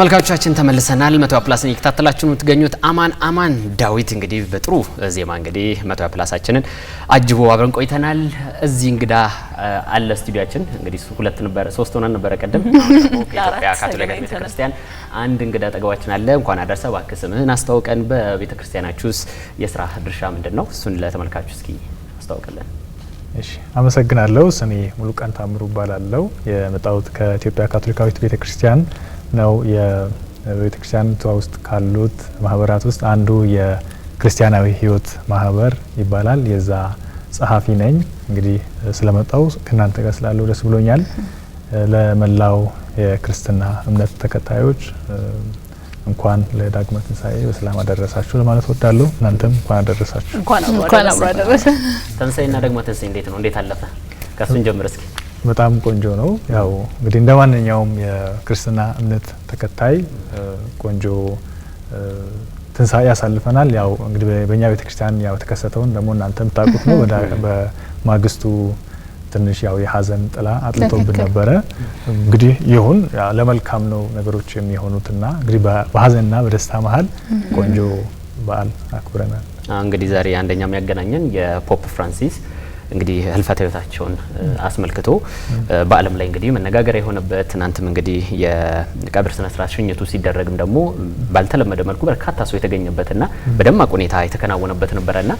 ተመልካቾቻችን ተመልሰናል። መቶ ፕላስን እየከታተላችሁ የምትገኙት አማን አማን ዳዊት እንግዲህ በጥሩ ዜማ እንግዲህ መቶ ፕላሳችንን አጅቦ አብረን ቆይተናል። እዚህ እንግዳ አለ ስቱዲያችን እንግዲህ ሁለት ነበረ ሶስት ሆነን ነበረ ቀደም ኢትዮጵያ ካቶሊክ ቤተክርስቲያን አንድ እንግዳ አጠገባችን አለ። እንኳን አደረሰ። እባክህ ስምህን አስተዋውቀን፣ በቤተክርስቲያናችሁስ የስራ ድርሻ ምንድን ነው? እሱን ለተመልካቾች እስኪ አስተዋውቅልን። እሺ አመሰግናለሁ። ስሜ ሙሉቀን ታምሩ እባላለሁ። የመጣሁት ከኢትዮጵያ ካቶሊካዊት ቤተክርስቲያን ነው። የቤተክርስቲያን ውስጥ ካሉት ማህበራት ውስጥ አንዱ የክርስቲያናዊ ህይወት ማህበር ይባላል። የዛ ጸሐፊ ነኝ። እንግዲህ ስለመጣው ከእናንተ ጋር ስላለው ደስ ብሎኛል። ለመላው የክርስትና እምነት ተከታዮች እንኳን ለዳግመ ትንሳኤ በሰላም አደረሳችሁ ለማለት ወዳለሁ። እናንተም እንኳን አደረሳችሁ። እንኳን አብሮ አደረሰ። ተንሳኤና ዳግመ ትንሳኤ እንዴት ነው? እንዴት አለፈ? ከሱን ጀምር እስኪ በጣም ቆንጆ ነው። ያው እንግዲህ እንደ ማንኛውም የክርስትና እምነት ተከታይ ቆንጆ ትንሳኤ ያሳልፈናል። ያው እንግዲህ በእኛ ቤተ ክርስቲያን ያው የተከሰተውን ደግሞ እናንተ የምታውቁት ነው። በማግስቱ ትንሽ ያው የሀዘን ጥላ አጥልቶብን ነበረ። እንግዲህ ይሁን ለመልካም ነው ነገሮች የሚሆኑትና እንግዲህ በሀዘንና በደስታ መሀል ቆንጆ በዓል አክብረናል። እንግዲህ ዛሬ አንደኛ የሚያገናኘን የፖፕ ፍራንሲስ እንግዲህ ህልፈተ ህይወታቸውን አስመልክቶ በዓለም ላይ እንግዲህ መነጋገሪያ የሆነበት ትናንትም እንግዲህ የቀብር ስነ ስርዓት ሽኝቱ ሲደረግም ደግሞ ባልተለመደ መልኩ በርካታ ሰው የተገኘበትና በደማቅ ሁኔታ የተከናወነበት ነበረና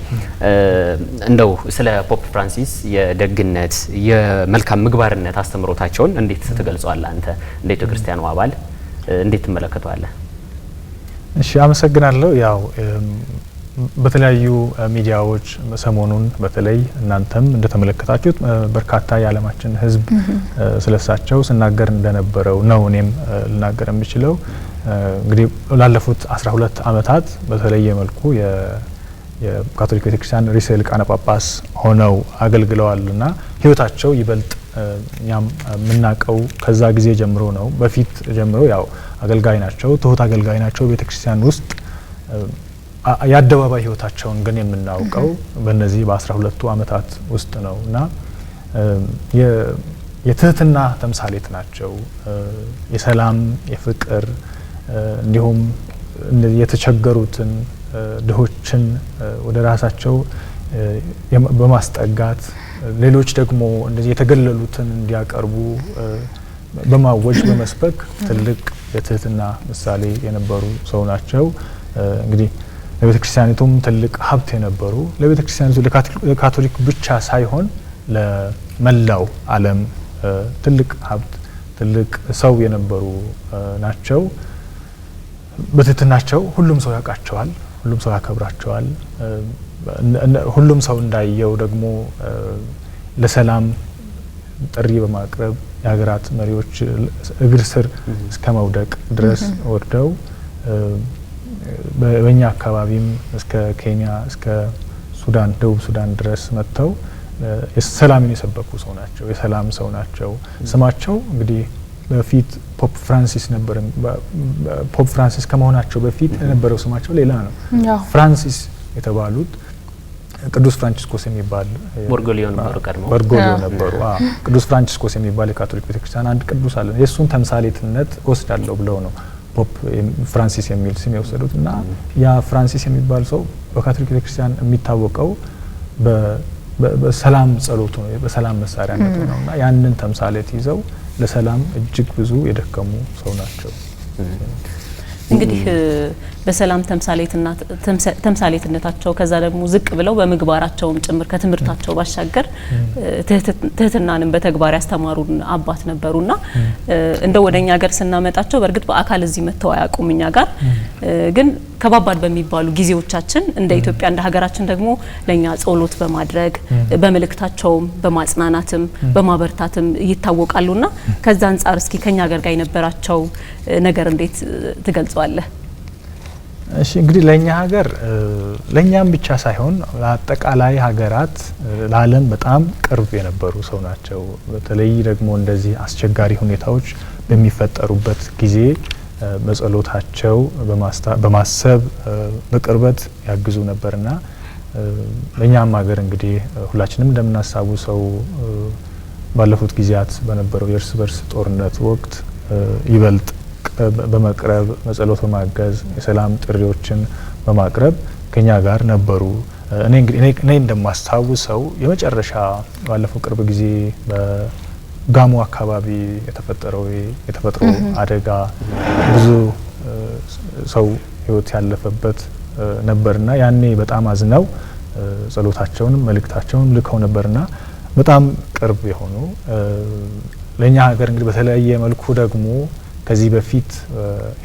እንደው ስለ ፖፕ ፍራንሲስ የደግነት የመልካም ምግባርነት አስተምሮታቸውን እንዴት ትገልጿዋለህ አንተ እንደ ቤተ ክርስቲያኑ አባል እንዴት ትመለከተዋለህ? እሺ አመሰግናለሁ። ያው በተለያዩ ሚዲያዎች ሰሞኑን በተለይ እናንተም እንደተመለከታችሁት በርካታ የዓለማችን ሕዝብ ስለሳቸው ስናገር እንደነበረው ነው እኔም ልናገር የምችለው። እንግዲህ ላለፉት 12 ዓመታት በተለየ መልኩ የካቶሊክ ቤተክርስቲያን ርዕሰ ሊቃነ ጳጳስ ሆነው አገልግለዋልና ህይወታቸው ይበልጥ እኛም የምናውቀው ከዛ ጊዜ ጀምሮ ነው። በፊት ጀምሮ ያው አገልጋይ ናቸው፣ ትሁት አገልጋይ ናቸው ቤተክርስቲያን ውስጥ የአደባባይ ህይወታቸውን ግን የምናውቀው በነዚህ በአስራ ሁለቱ አመታት ውስጥ ነው እና የትህትና ተምሳሌት ናቸው። የሰላም የፍቅር እንዲሁም የተቸገሩትን ድሆችን ወደ ራሳቸው በማስጠጋት ሌሎች ደግሞ እንደዚህ የተገለሉትን እንዲያቀርቡ በማወጅ በመስበክ ትልቅ የትህትና ምሳሌ የነበሩ ሰው ናቸው እንግዲህ ለቤተክርስቲያኒቱም ትልቅ ሀብት የነበሩ ለቤተክርስቲያኒቱ ለካቶሊክ ብቻ ሳይሆን ለመላው ዓለም ትልቅ ሀብት ትልቅ ሰው የነበሩ ናቸው። በትህትናቸው ሁሉም ሰው ያውቃቸዋል፣ ሁሉም ሰው ያከብራቸዋል። ሁሉም ሰው እንዳየው ደግሞ ለሰላም ጥሪ በማቅረብ የሀገራት መሪዎች እግር ስር እስከ መውደቅ ድረስ ወርደው በእኛ አካባቢም እስከ ኬንያ እስከ ሱዳን፣ ደቡብ ሱዳን ድረስ መጥተው ሰላምን የሰበኩ ሰው ናቸው። የሰላም ሰው ናቸው። ስማቸው እንግዲህ በፊት ፖፕ ፍራንሲስ ነበር። ፖፕ ፍራንሲስ ከመሆናቸው በፊት የነበረው ስማቸው ሌላ ነው። ፍራንሲስ የተባሉት ቅዱስ ፍራንቺስኮስ የሚባል ቦርጎሊዮ ነበሩ፣ ነበሩ። ቅዱስ ፍራንቺስኮስ የሚባል የካቶሊክ ቤተክርስቲያን አንድ ቅዱስ አለ፣ የእሱን ተምሳሌትነት ወስዳለሁ ብለው ነው ፖፕ ፍራንሲስ የሚል ስም የወሰዱት እና ያ ፍራንሲስ የሚባል ሰው በካቶሊክ ቤተክርስቲያን የሚታወቀው በሰላም ጸሎቱ ነው፣ በሰላም መሳሪያነቱ ነው እና ያንን ተምሳሌት ይዘው ለሰላም እጅግ ብዙ የደከሙ ሰው ናቸው። እንግዲህ በሰላም ተምሳሌትነታቸው ከዛ ደግሞ ዝቅ ብለው በምግባራቸውም ጭምር ከትምህርታቸው ባሻገር ትህትናንም በተግባር ያስተማሩን አባት ነበሩና እንደ ወደኛ ሀገር ስናመጣቸው በእርግጥ በአካል እዚህ መጥተው አያውቁም እኛ ጋር ግን ከባባድ በሚባሉ ጊዜዎቻችን እንደ ኢትዮጵያ እንደ ሀገራችን ደግሞ ለእኛ ጸሎት በማድረግ በመልእክታቸውም በማጽናናትም በማበርታትም ይታወቃሉና ከዛ አንጻር እስኪ ከኛ ሀገር ጋር የነበራቸው ነገር እንዴት ትገልጸዋለህ? እሺ እንግዲህ ለእኛ ሀገር ለእኛም ብቻ ሳይሆን ለአጠቃላይ ሀገራት ለዓለም በጣም ቅርብ የነበሩ ሰው ናቸው። በተለይ ደግሞ እንደዚህ አስቸጋሪ ሁኔታዎች በሚፈጠሩበት ጊዜ በጸሎታቸው በማሰብ በቅርበት ያግዙ ነበርና በእኛም ሀገር እንግዲህ ሁላችንም እንደምናስታውሰው ባለፉት ጊዜያት በነበረው የእርስ በርስ ጦርነት ወቅት ይበልጥ በመቅረብ በጸሎት በማገዝ የሰላም ጥሪዎችን በማቅረብ ከኛ ጋር ነበሩ። እኔ እንደማስታውሰው የመጨረሻ ባለፈው ቅርብ ጊዜ ጋሞ አካባቢ የተፈጠረው የተፈጥሮ አደጋ ብዙ ሰው ህይወት ያለፈበት ነበርና ያኔ በጣም አዝነው ጸሎታቸውን መልእክታቸውን ልከው ነበርና በጣም ቅርብ የሆኑ ለእኛ ሀገር እንግዲህ በተለያየ መልኩ ደግሞ ከዚህ በፊት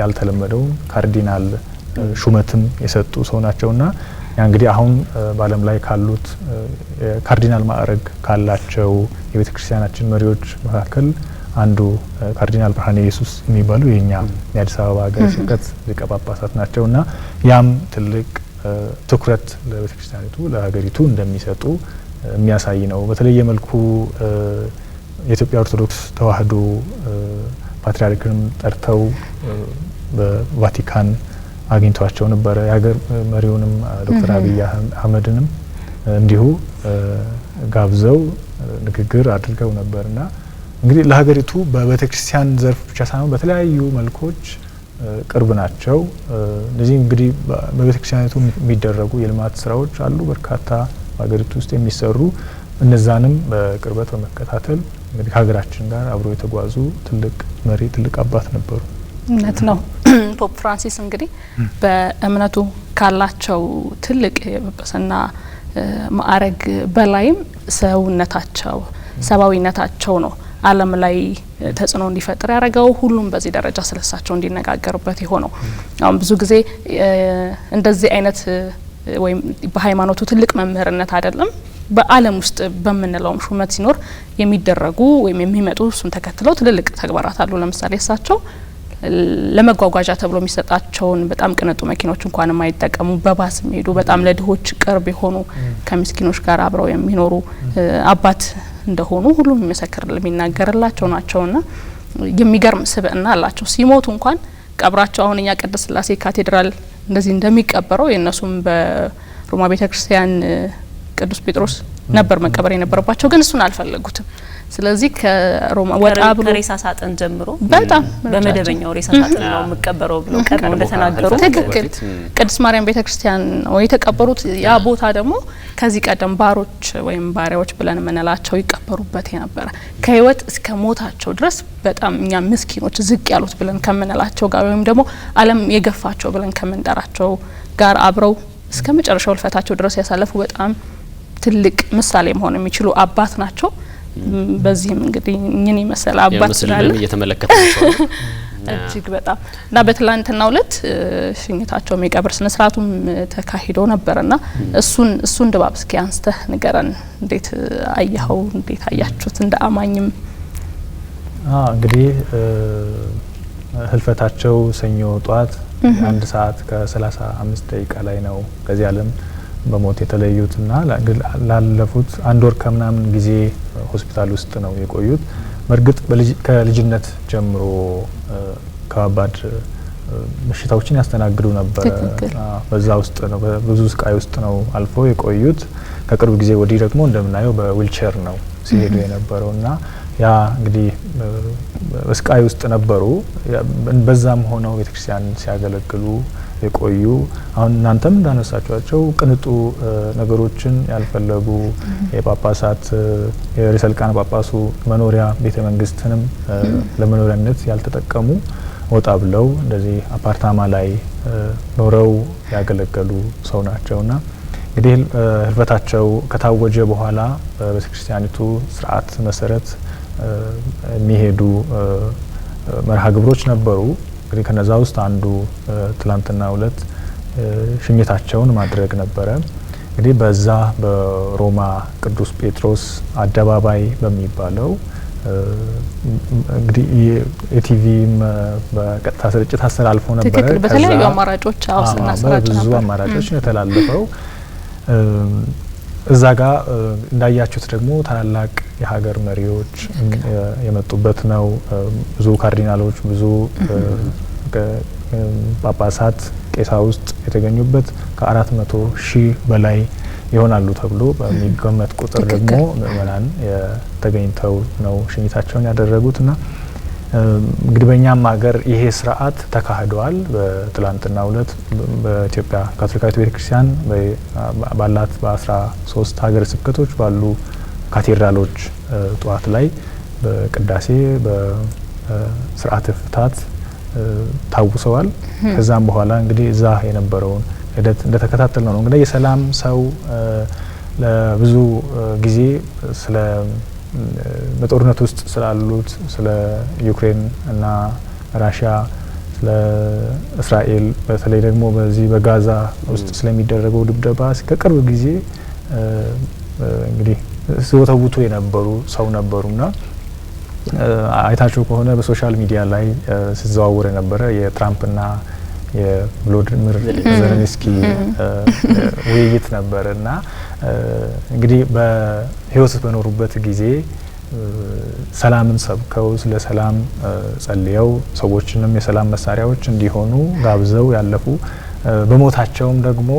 ያልተለመደውን ካርዲናል ሹመትም የሰጡ ሰው ናቸውና ያ እንግዲህ አሁን በዓለም ላይ ካሉት ካርዲናል ማዕረግ ካላቸው የቤተ ክርስቲያናችን መሪዎች መካከል አንዱ ካርዲናል ብርሃነ ኢየሱስ የሚባሉ የኛ የአዲስ አበባ ሀገረ ስብከት ሊቀ ጳጳሳት ናቸው እና ያም ትልቅ ትኩረት ለቤተ ክርስቲያኒቱ ለሀገሪቱ እንደሚሰጡ የሚያሳይ ነው። በተለየ መልኩ የኢትዮጵያ ኦርቶዶክስ ተዋህዶ ፓትርያርክንም ጠርተው በቫቲካን አግኝቷቸው ነበረ። የሀገር መሪውንም ዶክተር አብይ አህመድንም እንዲሁ ጋብዘው ንግግር አድርገው ነበርና እንግዲህ ለሀገሪቱ በቤተክርስቲያን ዘርፍ ብቻ ሳይሆን በተለያዩ መልኮች ቅርብ ናቸው። እነዚህ እንግዲህ በቤተ የሚደረጉ የልማት ስራዎች አሉ በርካታ በሀገሪቱ ውስጥ የሚሰሩ እነዛንም በቅርበት በመከታተል እንግዲህ ከሀገራችን ጋር አብሮ የተጓዙ ትልቅ መሪ፣ ትልቅ አባት ነበሩ። እውነት ነው። ፖፕ ፍራንሲስ እንግዲህ በእምነቱ ካላቸው ትልቅ የጵጵስና ማዕረግ በላይም ሰውነታቸው ሰብአዊነታቸው ነው ዓለም ላይ ተጽዕኖ እንዲፈጥር ያደረገው ሁሉም በዚህ ደረጃ ስለሳቸው እንዲነጋገሩበት የሆነው። አሁን ብዙ ጊዜ እንደዚህ አይነት ወይም በሃይማኖቱ ትልቅ መምህርነት አይደለም በዓለም ውስጥ በምንለውም ሹመት ሲኖር የሚደረጉ ወይም የሚመጡ እሱን ተከትለው ትልልቅ ተግባራት አሉ። ለምሳሌ እሳቸው ለመጓጓዣ ተብሎ የሚሰጣቸውን በጣም ቅንጡ መኪኖች እንኳን የማይጠቀሙ በባስ የሚሄዱ በጣም ለድሆች ቅርብ የሆኑ ከምስኪኖች ጋር አብረው የሚኖሩ አባት እንደሆኑ ሁሉም የሚመሰክር የሚናገርላቸው ናቸውና የሚገርም ስብዕና አላቸው። ሲሞቱ እንኳን ቀብራቸው አሁን እኛ ቅድስት ስላሴ ካቴድራል እንደዚህ እንደሚቀበረው የእነሱም በሮማ ቤተ ክርስቲያን ቅዱስ ጴጥሮስ ነበር መቀበር የነበረባቸው ግን እሱን አልፈለጉትም። ስለዚህ ከሮማ ወጣ ብሎ ሬሳ ሳጥን ጀምሮ በጣም በመደበኛው ሬሳ ሳጥን ነው የምቀበረው ብሎ ቀድሞ እንደተናገሩ ትክክል። ቅድስት ማርያም ቤተክርስቲያን ነው የተቀበሩት። ያ ቦታ ደግሞ ከዚህ ቀደም ባሮች ወይም ባሪያዎች ብለን የምንላቸው ይቀበሩበት የነበረ ከህይወት እስከ ሞታቸው ድረስ በጣም እኛ ምስኪኖች ዝቅ ያሉት ብለን ከምንላቸው ጋር ወይም ደግሞ ዓለም የገፋቸው ብለን ከምንጠራቸው ጋር አብረው እስከ መጨረሻው ልፈታቸው ድረስ ያሳለፉ በጣም ትልቅ ምሳሌ መሆን የሚችሉ አባት ናቸው። በዚህም እንግዲህ እኝን ይመስል አባት ስላለ እጅግ በጣም እና በትላንትናው ዕለት ሽኝታቸው የቀብር ስነ ስርዓቱም ተካሂዶ ነበርና እሱን እሱን ድባብ እስኪ አንስተህ ንገረን። እንዴት አያኸው? እንዴት አያችሁት? እንደ አማኝም እንግዲህ ህልፈታቸው ሰኞ ጠዋት አንድ ሰዓት ከሰላሳ አምስት ደቂቃ ላይ ነው ከዚህ አለም በሞት የተለዩት ና ላለፉት አንድ ወር ከምናምን ጊዜ ሆስፒታል ውስጥ ነው የቆዩት። በእርግጥ ከልጅነት ጀምሮ ከባባድ በሽታዎችን ያስተናግዱ ነበር። በዛ ውስጥ ነው በብዙ ስቃይ ውስጥ ነው አልፎ የቆዩት። ከቅርብ ጊዜ ወዲህ ደግሞ እንደምናየው በዊልቸር ነው ሲሄዱ የነበረው እና ያ እንግዲህ በስቃይ ውስጥ ነበሩ። በዛም ሆነው ቤተክርስቲያን ሲያገለግሉ የቆዩ አሁን እናንተም እንዳነሳቸኋቸው ቅንጡ ነገሮችን ያልፈለጉ የጳጳሳት የርዕሰ ሊቃነ ጳጳሱ መኖሪያ ቤተ መንግስትንም ለመኖሪያነት ያልተጠቀሙ ወጣ ብለው እንደዚህ አፓርታማ ላይ ኖረው ያገለገሉ ሰው ናቸውና እንግዲህ ህልፈታቸው ከታወጀ በኋላ በቤተ ክርስቲያኒቱ ስርዓት መሰረት የሚሄዱ መርሃ ግብሮች ነበሩ። እንግዲህ ከነዛ ውስጥ አንዱ ትላንትና ሁለት ሽኝታቸውን ማድረግ ነበረ። እንግዲህ በዛ በሮማ ቅዱስ ጴጥሮስ አደባባይ በሚባለው እንግዲህ የኢቲቪም በቀጥታ ስርጭት አስተላልፎ ነበረ። በተለያዩ አማራጮች ብዙ አማራጮች ነው የተላለፈው። እዛ ጋ እንዳያችሁት ደግሞ ታላላቅ የሀገር መሪዎች የመጡበት ነው። ብዙ ካርዲናሎች፣ ብዙ ጳጳሳት፣ ቄሳ ውስጥ የተገኙበት ከአራት መቶ ሺህ በላይ ይሆናሉ ተብሎ በሚገመት ቁጥር ደግሞ ምእመናን ተገኝተው ነው ሽኝታቸውን ያደረጉት እና እንግዲህ በእኛም ሀገር ይሄ ስርዓት ተካሂደዋል። በትላንትናው ዕለት በኢትዮጵያ ካቶሊካዊት ቤተ ክርስቲያን ባላት በአስራ ሶስት ሀገረ ስብከቶች ባሉ ካቴድራሎች ጠዋት ላይ በቅዳሴ በስርዓተ ፍታት ታውሰዋል። ከዛም በኋላ እንግዲህ እዛ የነበረውን ሂደት እንደተከታተል ነው ነው እንግዲህ የሰላም ሰው ለብዙ ጊዜ ስለ በጦርነት ውስጥ ስላሉት ስለ ዩክሬን እና ራሽያ ስለ እስራኤል በተለይ ደግሞ በዚህ በጋዛ ውስጥ ስለሚደረገው ድብደባ ከቅርብ ጊዜ እንግዲህ ሲወተውቱ የነበሩ ሰው ነበሩና አይታችሁ ከሆነ በሶሻል ሚዲያ ላይ ሲዘዋወር የነበረ የትራምፕና የቮሎድሚር ዘለንስኪ ውይይት ነበር እና እንግዲህ በህይወት በኖሩበት ጊዜ ሰላምን ሰብከው ስለ ሰላም ጸልየው ሰዎችንም የሰላም መሳሪያዎች እንዲሆኑ ጋብዘው ያለፉ በሞታቸውም ደግሞ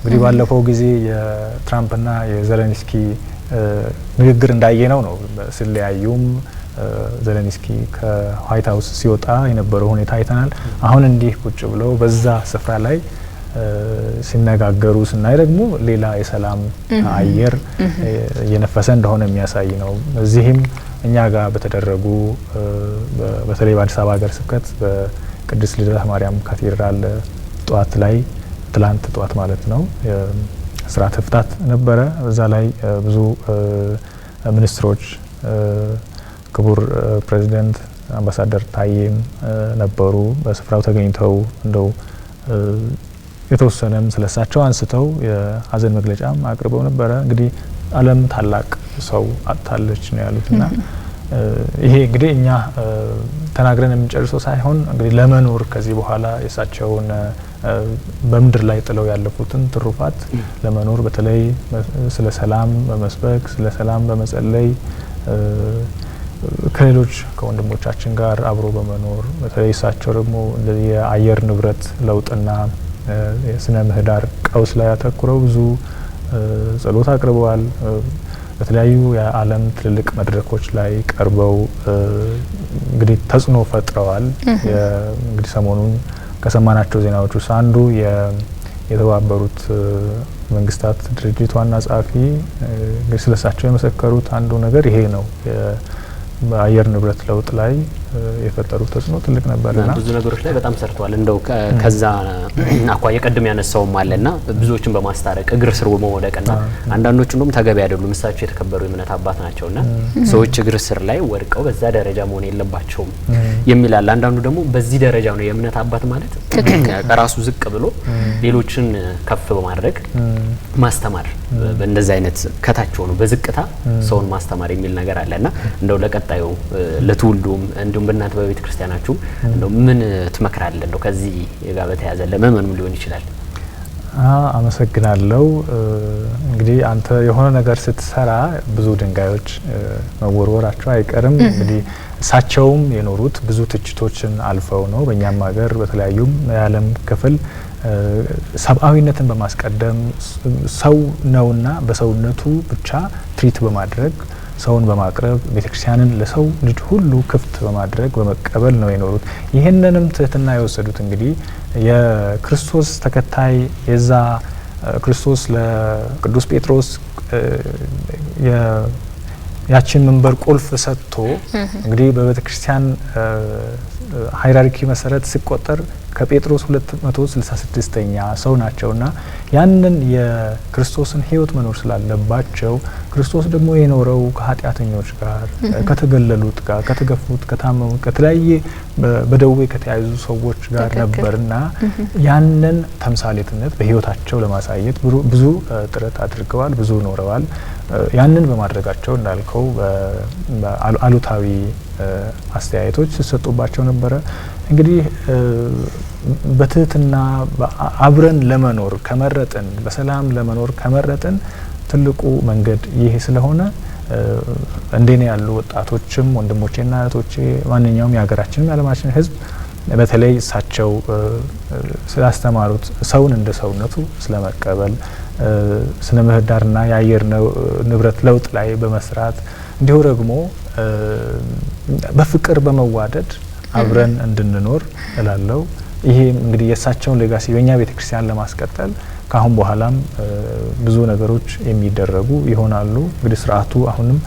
እንግዲህ ባለፈው ጊዜ የትራምፕና የዘለንስኪ ንግግር እንዳየ ነው ነው ስለያዩም ዘለንስኪ ከዋይት ሀውስ ሲወጣ የነበረው ሁኔታ አይተናል። አሁን እንዲህ ቁጭ ብለው በዛ ስፍራ ላይ ሲነጋገሩ ስናይ ደግሞ ሌላ የሰላም አየር እየነፈሰ እንደሆነ የሚያሳይ ነው። እዚህም እኛ ጋር በተደረጉ በተለይ በአዲስ አበባ ሀገር ስብከት በቅድስት ልደታ ማርያም ካቴድራል ጠዋት ላይ ትላንት ጠዋት ማለት ነው ስርዓተ ፍታት ነበረ። እዛ ላይ ብዙ ሚኒስትሮች ክቡር ፕሬዚደንት አምባሳደር ታዬም ነበሩ በስፍራው ተገኝተው እንደው የተወሰነም ስለሳቸው አንስተው የሀዘን መግለጫም አቅርበው ነበረ። እንግዲህ ዓለም ታላቅ ሰው አጥታለች ነው ያሉት እና ይሄ እንግዲህ እኛ ተናግረን የምንጨርሰው ሳይሆን እንግዲህ ለመኖር ከዚህ በኋላ የእሳቸውን በምድር ላይ ጥለው ያለፉትን ትሩፋት ለመኖር በተለይ ስለ ሰላም በመስበክ ስለ ሰላም በመጸለይ ከሌሎች ከወንድሞቻችን ጋር አብሮ በመኖር በተለይ እሳቸው ደግሞ የአየር ንብረት ለውጥና የስነ ምህዳር ቀውስ ላይ ያተኩረው ብዙ ጸሎት አቅርበዋል። በተለያዩ የዓለም ትልልቅ መድረኮች ላይ ቀርበው እንግዲህ ተጽዕኖ ፈጥረዋል። እንግዲህ ሰሞኑን ከሰማናቸው ዜናዎች ውስጥ አንዱ የተባበሩት መንግስታት ድርጅት ዋና ጸሐፊ እንግዲህ ስለሳቸው የመሰከሩት አንዱ ነገር ይሄ ነው። በአየር ንብረት ለውጥ ላይ የፈጠሩት ተጽዕኖ ትልቅ ነበርና ብዙ ነገሮች ላይ በጣም ሰርተዋል። እንደው ከዛ አኳያ ቀድም ያነሳውም አለና ብዙዎችን በማስታረቅ እግር ስር መውደቅና አንዳንዶቹ እንደውም ተገቢ አይደሉም። እሳቸው የተከበሩ የእምነት አባት ናቸውና ሰዎች እግር ስር ላይ ወድቀው በዛ ደረጃ መሆን የለባቸውም የሚላል። አንዳንዱ ደግሞ በዚህ ደረጃ ነው የእምነት አባት ማለት ከራሱ ዝቅ ብሎ ሌሎችን ከፍ በማድረግ ማስተማር በእንደዚህ አይነት ከታች ሆኖ በዝቅታ ሰውን ማስተማር የሚል ነገር አለና እንደው ለቀጣዩ ለትውልዱም እንዲሁም በእናንተ በቤተ ክርስቲያናችሁ እንደው ምን ትመክራለህ? እንደው ከዚህ ጋር በተያያዘ ለመመኑም ሊሆን ይችላል። አመሰግናለሁ። እንግዲህ አንተ የሆነ ነገር ስትሰራ ብዙ ድንጋዮች መወርወራቸው አይቀርም። እንግዲህ እሳቸውም የኖሩት ብዙ ትችቶችን አልፈው ነው። በእኛም ሀገር በተለያዩም የዓለም ክፍል ሰብአዊነትን በማስቀደም ሰው ነውና በሰውነቱ ብቻ ትሪት በማድረግ ሰውን በማቅረብ ቤተክርስቲያንን ለሰው ልጅ ሁሉ ክፍት በማድረግ በመቀበል ነው የኖሩት። ይህንንም ትህትና የወሰዱት እንግዲህ የክርስቶስ ተከታይ የዛ ክርስቶስ ለቅዱስ ጴጥሮስ ያችን መንበር ቁልፍ ሰጥቶ እንግዲህ በቤተክርስቲያን ሃይራርኪ መሰረት ሲቆጠር ከጴጥሮስ 266ኛ ሰው ናቸውና ያንን የክርስቶስን ህይወት መኖር ስላለባቸው ክርስቶስ ደግሞ የኖረው ከኃጢአተኞች ጋር፣ ከተገለሉት ጋር፣ ከተገፉት፣ ከታመሙት፣ ከተለያየ በደዌ ከተያዙ ሰዎች ጋር ነበርና ያንን ተምሳሌትነት በህይወታቸው ለማሳየት ብዙ ጥረት አድርገዋል፣ ብዙ ኖረዋል። ያንን በማድረጋቸው እንዳልከው አሉታዊ አስተያየቶች ሲሰጡባቸው ነበረ። እንግዲህ በትህትና አብረን ለመኖር ከመረጥን በሰላም ለመኖር ከመረጥን ትልቁ መንገድ ይሄ ስለሆነ እንደኔ ያሉ ወጣቶችም ወንድሞቼና እህቶቼ ማንኛውም የሀገራችንም የዓለማችን ሕዝብ በተለይ እሳቸው ስላስተማሩት ሰውን እንደ ሰውነቱ ስለ መቀበል፣ ስነ ምህዳርና የአየር ንብረት ለውጥ ላይ በመስራት እንዲሁ ደግሞ በፍቅር በመዋደድ አብረን እንድንኖር እላለው። ይሄም እንግዲህ የእሳቸውን ሌጋሲ በእኛ ቤተክርስቲያን ለማስቀጠል ከአሁን በኋላም ብዙ ነገሮች የሚደረጉ ይሆናሉ። እንግዲህ ስርዓቱ አሁንም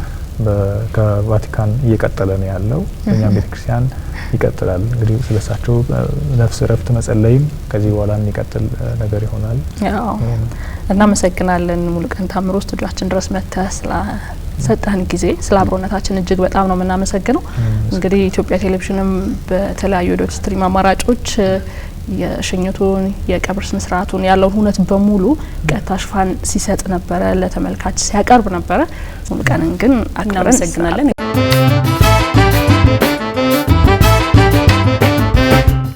ከቫቲካን እየቀጠለ ነው ያለው። እኛም ቤተክርስቲያን ይቀጥላል። እንግዲህ ስለ እሳቸው ነፍስ እረፍት መጸለይም ከዚህ በኋላ የሚቀጥል ነገር ይሆናል። እናመሰግናለን ሙሉቀን ታምሮ ስቱዲዮችን ድረስ መጥተህ ስለሰጠህን ጊዜ ስለ አብሮነታችን እጅግ በጣም ነው የምናመሰግነው። እንግዲህ ኢትዮጵያ ቴሌቪዥንም በተለያዩ ዶክ ስትሪም አማራጮች የሽኝቱን የቀብር ስነ ስርዓቱን ያለውን ሁነት በሙሉ ቀጥታ ሽፋን ሲሰጥ ነበረ፣ ለተመልካች ሲያቀርብ ነበረ። ሙሉ ቀንን ግን እናመሰግናለን።